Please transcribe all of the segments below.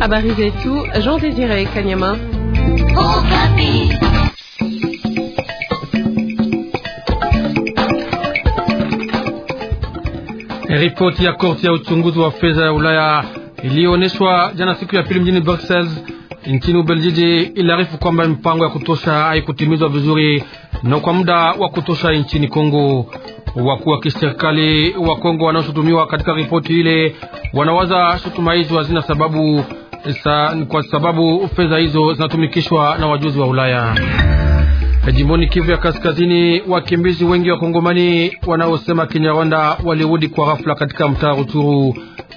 Habari zetu Jean Désiré Kanyama. Ripoti ya korti ya uchunguzi wa fedha ya Ulaya iliyoonyeshwa jana siku ya pili mjini Bruxelles nchini Ubeljiji iliarifu kwamba mipango ya kutosha haikutimizwa vizuri na kwa muda wa kutosha nchini Kongo. Wakuu wa kiserikali wa Kongo wanaoshutumiwa katika ripoti ile wanawaza shutuma hizo hazina sababu sa, kwa sababu fedha hizo zinatumikishwa na wajuzi wa Ulaya. Jimboni Kivu ya Kaskazini, wakimbizi wengi wakongomani wanaosema Kinyarwanda walirudi kwa ghafla katika mtaa Rutshuru,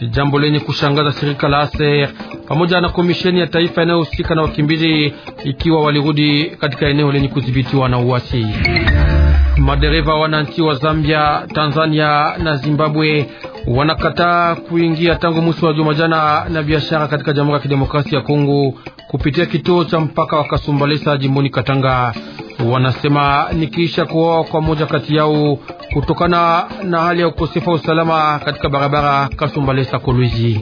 jambo lenye kushangaza shirika la ASER pamoja na komisheni ya taifa inayohusika na wakimbizi, ikiwa walirudi katika eneo lenye kudhibitiwa na uasi. Madereva wananchi wa Zambia, Tanzania na Zimbabwe wanakataa kuingia tangu mwisho wa juma jana na biashara katika Jamhuri ya Kidemokrasia ya Kongo kupitia kituo cha mpaka wa Kasumbalesa jimboni Katanga. Wanasema nikiisha kuoa kwa moja kati yao kutokana na hali ya ukosefu wa usalama katika barabara Kasumbalesa Kolwezi.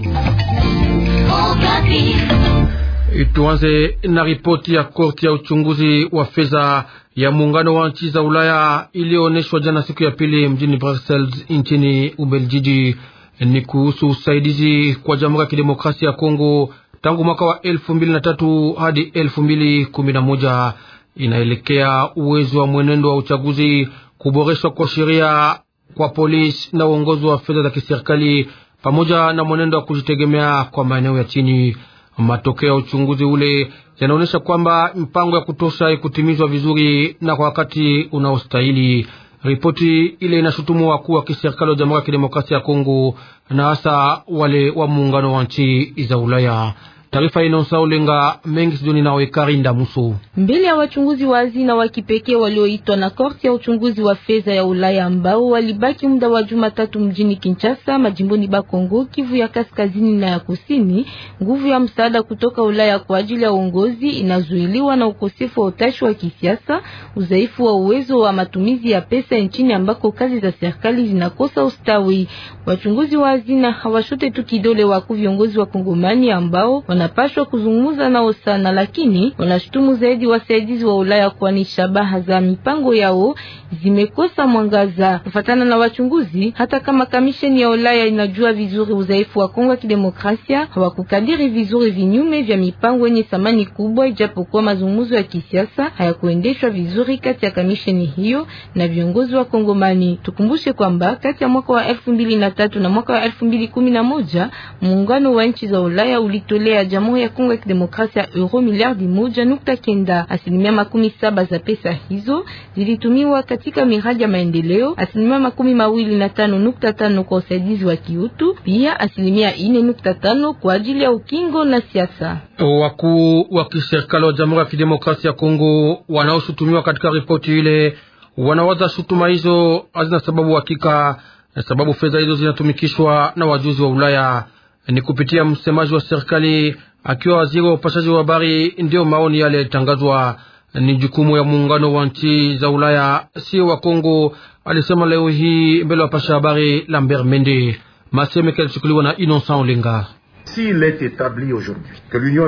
Tuanze na ripoti ya korti ya uchunguzi wa fedha ya muungano wa nchi za Ulaya iliyoonyeshwa jana siku ya pili mjini Brussels nchini Ubelgiji Ni kuhusu usaidizi kwa Jamhuri ya Kidemokrasia ya Kongo tangu mwaka wa elfu mbili na tatu hadi elfu mbili kumi na moja inaelekea uwezo wa mwenendo wa uchaguzi, kuboreshwa kwa sheria, kwa polisi na uongozi wa fedha za kiserikali, pamoja na mwenendo wa kujitegemea kwa maeneo ya chini. Matokeo ya uchunguzi ule yanaonyesha kwamba mpango ya kutosha ikutimizwa vizuri na kwa wakati unaostahili. Ripoti ile inashutumu wakuu wa kiserikali wa Jamhuri ya Kidemokrasia ya Kongo na hasa wale wa muungano wa nchi za Ulaya. Taarifa inayosaolenga mengi sidoni nawe Karinda Muso mbele ya wachunguzi wa hazina wa kipekee walioitwa na korti ya uchunguzi wa fedha ya Ulaya ambao walibaki muda wa Jumatatu mjini Kinshasa, majimboni Bakongo, Kivu ya kaskazini na ya kusini. Nguvu ya msaada kutoka Ulaya kwa ajili ya uongozi inazuiliwa na ukosefu wa utashi wa kisiasa, udhaifu wa uwezo wa matumizi ya pesa nchini ambako kazi za serikali zinakosa ustawi. Wachunguzi wa hazina hawashote tu kidole wakuu viongozi wa Kongomani ambao wanapashwa kuzungumza nao sana, lakini wanashutumu zaidi wasaidizi wa Ulaya, kwani shabaha za mipango yao zimekosa mwangaza kufatana na wachunguzi. Hata kama kamisheni ya Ulaya inajua vizuri udhaifu wa Kongo ya Kidemokrasia, hawakukadiri vizuri vinyume vya mipango yenye thamani kubwa, ijapokuwa mazungumzo ya kisiasa hayakuendeshwa vizuri kati ya kamisheni hiyo na viongozi wa Kongomani. Tukumbushe kwamba kati ya mwaka wa elfu mbili na tatu na mwaka wa elfu mbili kumi na moja muungano wa nchi za Ulaya ulitolea Jamhuri ya Kongo ya Kidemokrasia euro miliardi moja nukta kenda. Asilimia makumi saba za pesa hizo zilitumiwa katika miradi ya maendeleo, asilimia makumi mawili na tano nukta tano kwa usaidizi wa kiutu, pia asilimia ine nukta tano kwa ajili ya ukingo na siasa. Wakuu wa kiserikali wa Jamhuri ya Kidemokrasia ya Kongo wanaoshutumiwa katika ripoti ile wanawaza shutuma hizo hazina sababu hakika, na sababu fedha hizo zinatumikishwa na wajuzi wa Ulaya ni kupitia msemaji wa serikali akiwa waziri wa upashaji wa habari. Ndiyo maoni yale yalitangazwa ni jukumu ya muungano wa nchi za Ulaya, sio wa Kongo, alisema leo hii mbele ya wapasha habari Lambert Mende. Masemeke alichukuliwa na Innocent Olinga.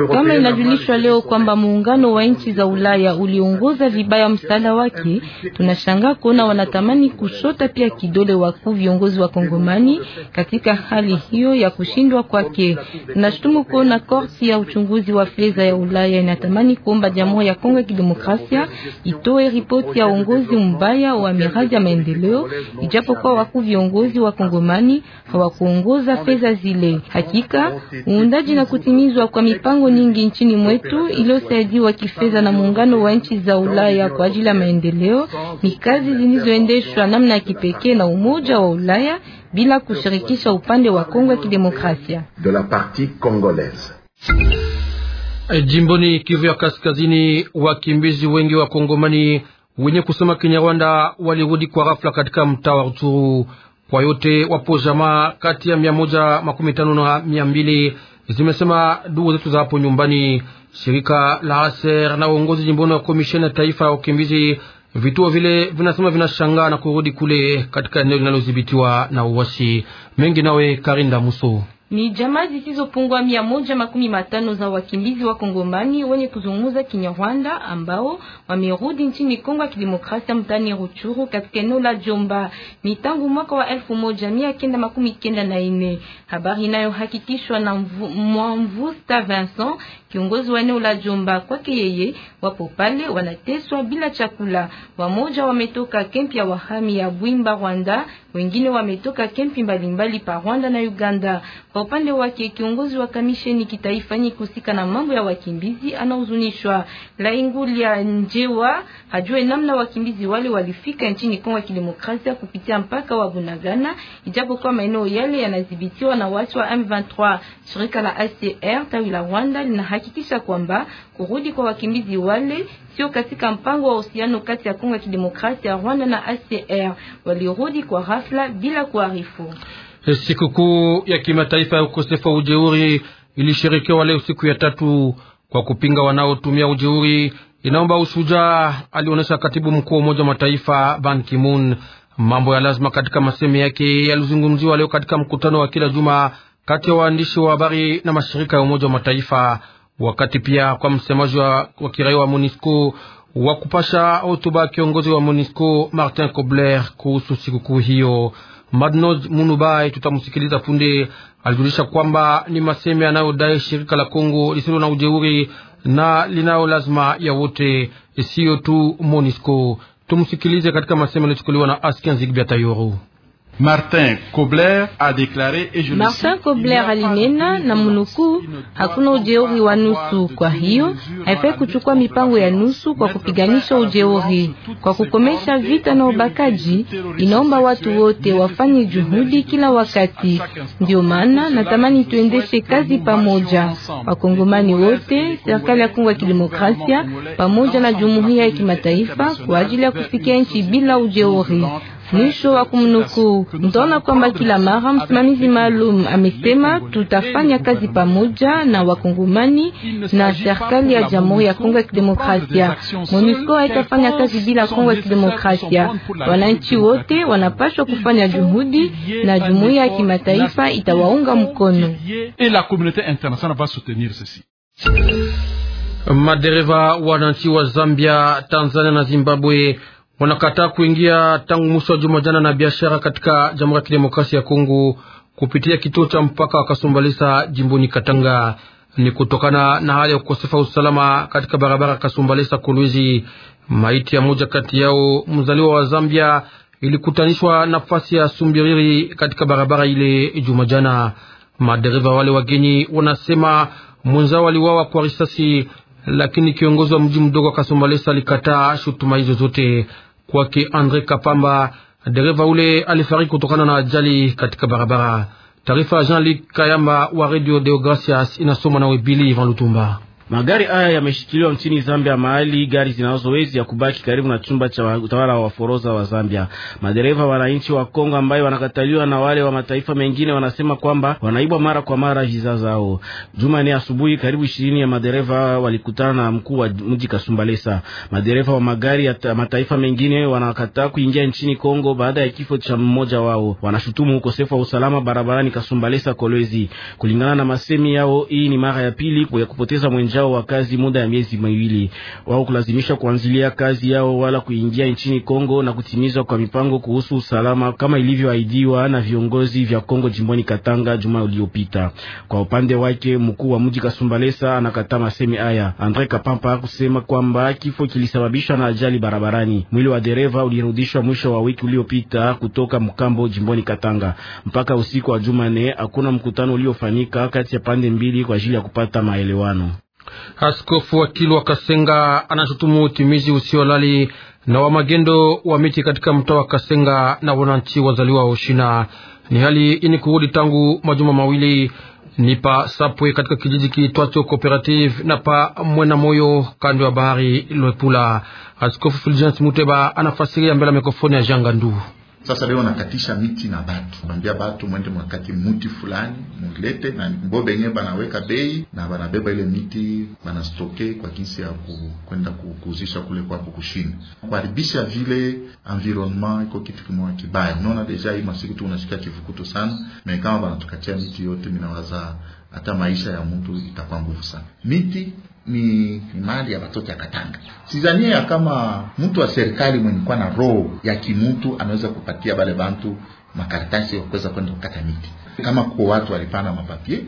Kama inajulishwa leo kwamba muungano wa nchi za Ulaya uliongoza vibaya msaada wake, tunashangaa kuona wanatamani kushota pia kidole wakuu viongozi wa Kongomani katika hali hiyo ya kushindwa kwake. Tunashutumu kuona korti ya uchunguzi wa fedha ya Ulaya inatamani kuomba Jamhuri ya Kongo ya Kidemokrasia itoe ripoti ya uongozi mbaya wa miradi ya maendeleo, ijapokuwa wakuu viongozi wa Kongomani hawakuongoza fedha zile. Hakika uundaji na kutimizwa kwa mipango nyingi nchini mwetu iliyosaidiwa kifedha na muungano wa nchi za Ulaya kwa ajili ya maendeleo ni kazi zilizoendeshwa namna ya kipekee na Umoja wa Ulaya bila kushirikisha upande wa Kongo ya Kidemokrasia. E, jimboni Kivu ya Kaskazini, wakimbizi wengi wa Kongomani wenye kusoma Kinyarwanda walirudi kwa ghafla katika mtaa wa Rutshuru kwa yote wapo jamaa kati ya mia moja makumi tano na mia mbili zimesema ndugu zetu za hapo nyumbani. Shirika la Aser na uongozi jimboni wa komisheni ya taifa ya ukimbizi, vituo vile vinasema vinashangaa na kurudi kule katika eneo linalodhibitiwa na uwasi mengi. Nawe Karinda Muso. Ni jamaa zisizopungwa mia moja makumi matano za wakimbizi wa Kongomani wenye kuzungumza Kinyarwanda ambao wamerudi nchini Kongo ya Kidemokrasia mtani Ruchuru katika eneo la Jomba ni tangu mwaka wa elfu moja mia kenda makumi kenda na ine. Habari inayohakikishwa na Mwamvusta Vincent, kiongozi wa eneo la Jomba. Kwake yeye, wapo pale wanateswa bila chakula. Wamoja wametoka kempi ya wahami ya Bwimba, Rwanda, wengine wametoka kempi mbalimbali pa Rwanda na Uganda. Kwa kwa upande wake kiongozi wa kamisheni kitaifa ni kusika na mambo ya wakimbizi anahuzunishwa. Laingulia Njewa hajue namna wakimbizi wale walifika nchini Kongo ya Kidemokrasia kupitia mpaka wa Bunagana, ijapokuwa maeneo yale yanadhibitiwa na watu wa M23. Shirika la ACR tawi la Rwanda linahakikisha kwamba kurudi kwa wakimbizi wale sio katika mpango wa uhusiano kati ya Kongo ya Kidemokrasia, Rwanda na ACR. Walirudi kwa ghafla bila kuarifu. Sikukuu ya kimataifa ya ukosefu wa ujeuri ilishirikiwa leo siku ya tatu kwa kupinga wanaotumia ujeuri, inaomba ushujaa, alionyesha katibu mkuu wa Umoja wa Mataifa Ban Ki-moon. Mambo ya lazima katika masemi yake yalizungumziwa leo katika mkutano wa kila juma kati ya waandishi wa habari na mashirika ya Umoja wa Mataifa, wakati pia kwa msemaji wa, wa kiraia wa MONUSCO wa kupasha hotuba ya kiongozi wa MONUSCO Martin Kobler kuhusu sikukuu hiyo. Madnoz Munubai tutamsikiliza punde. Alijulisha kwamba ni maseme yanayodai shirika la Kongo lisilo na ujeuri na linayo lazima ya wote, isiyo tu Monisco. Tumsikilize katika maseme yaliyochukuliwa na Zigbia Zigbiatayoru. Martin Kobler a déclaré et je Martin Kobler alinena na munuku hakuna ujeuri wa nusu. Kwa hiyo haifai kuchukua mipango ya nusu kwa kupiganisha ujeuri. Kwa kukomesha vita na ubakaji, inaomba watu wote wafanye juhudi kila wakati. Ndio maana natamani tuendeshe kazi pamoja, wakongomani wote, serikali ya Kongo ya Kidemokrasia pamoja na jumuiya ya kimataifa kwa ajili ya kufikia nchi bila ujeuri. Mwisho wa kumnukuu. Mtaona kwamba kila mara msimamizi maalum amesema tutafanya kazi pamoja na wakongomani na serikali ya Jamhuri ya Kongo ya Kidemokrasia. MONUSCO haitafanya kazi bila Kongo ya Kidemokrasia. Wananchi wote wanapaswa kufanya juhudi na jumuiya ya kimataifa itawaunga mkono. Madereva wananchi wa Zambia, Tanzania na Zimbabwe wanakataa kuingia tangu mwisho wa juma jana na biashara katika Jamhuri ya Kidemokrasia ya Kongo kupitia kituo cha mpaka wa Kasumbalisa jimboni Katanga. Ni kutokana na hali ya kukosefa usalama katika barabara Kasumbalisa Kolwezi. Maiti ya moja kati yao mzaliwa wa Zambia ilikutanishwa nafasi ya Sumbiriri katika barabara ile juma jana. Madereva wale wageni wanasema mwenzao waliwawa kwa risasi, lakini kiongozi wa mji mdogo wa Kasumbalesa alikataa shutuma hizo zote kwake Andre Kapamba, dereva ule alifariki kutokana na ajali katika barabara. Taarifa ya Jean-Luc Kayamba wa Radio Deogracias inasoma nawe Bili Ivan Lutumba. Magari haya yameshikiliwa nchini Zambia, mahali gari zinazowezi ya kubaki karibu na chumba cha utawala wa foroza wa Zambia. Madereva wananchi wa Kongo ambayo wanakataliwa na wale wa mataifa mengine wanasema kwamba wanaibwa mara kwa mara visa zao. Jumani asubuhi karibu ishirini ya madereva walikutana na mkuu wa mji Kasumbalesa. Madereva wa magari ya mataifa mengine wanakataa kuingia nchini Kongo baada ya kifo cha mmoja wao. Wanashutumu ukosefu wa usalama barabarani Kasumbalesa Kolwezi. Kulingana na masemi yao, hii ni mara ya pili ya kupoteza mwenja zao wa kazi muda ya miezi miwili, wao kulazimisha kuanzilia kazi yao wala kuingia nchini Kongo na kutimizwa kwa mipango kuhusu usalama kama ilivyoahidiwa na viongozi vya Kongo jimboni Katanga juma uliopita. Kwa upande wake, mkuu wa mji Kasumbalesa anakataa masemi haya. Andre Kapampa kusema kwamba kifo kilisababishwa na ajali barabarani. Mwili wa dereva ulirudishwa mwisho wa wiki uliopita kutoka Mkambo jimboni Katanga. Mpaka usiku wa Jumanne hakuna mkutano uliofanyika kati ya pande mbili kwa ajili ya kupata maelewano. Askofu wa Kilwa Kasenga anashutumu utimizi usiolali na wa magendo wa miti katika mtaa wa Kasenga na wananchi wazaliwa wa Ushina. Ni hali ini kurudi tangu majuma mawili ni pa Sapwe katika kijiji kiitwacho Cooperative na pa Mwena Moyo kando ya bahari Lwepula. Askofu Fulgence Muteba anafasiria mbele ya mikrofoni ya Jangandu. Sasa leo nakatisha miti na batu, nambia batu mwende mwakati muti fulani mulete, na mbo benye banaweka bei na banabeba ile miti banastoke kwa kinsi ya kwenda ku, kuuzisha kule kwako kushini, kuharibisha vile environment iko kitu kimoja kibaya. Unaona deja hii masiku tu unashika kivukuto sana, na kama banatukatia miti yote, minawaza hata maisha ya mtu itakuwa nguvu sana miti ni, ni mali ya watoto ya Katanga. Sizania ya kama mtu wa serikali mwenye kwa na roho ya kimutu anaweza kupatia bale bantu makaratasi ya kuweza kwenda kukata miti kama kwa watu walipana mapapie,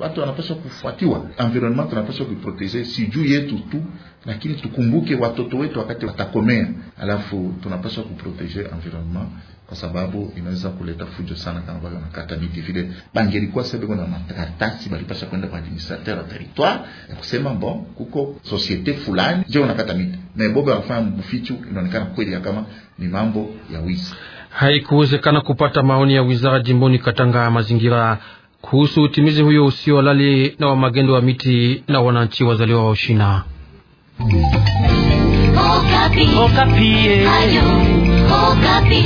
watu wanapaswa kufuatiwa, environment wanapaswa kuiprotege, si juu yetu tu, lakini tukumbuke watoto wetu wakati watakomea, alafu tunapaswa kuprotege environment kwa sababu inaweza kuleta fujo sana kama vile wanakata miti vile. Bangelikuwa sasa biko na makaratasi balipasha kwenda kwa administrateur wa territoire na kusema bon, kuko societe fulani je unakata miti na bobe wanafanya mbufichu, inaonekana kweli ya kama ni mambo ya wizi. Haikuwezekana kupata maoni ya wizara jimboni Katanga ya mazingira kuhusu utimizi huyo usio halali na wa magendo wa miti na wananchi wazaliwa wa Ushina. Okapi. Okapi. Eh. Okapi.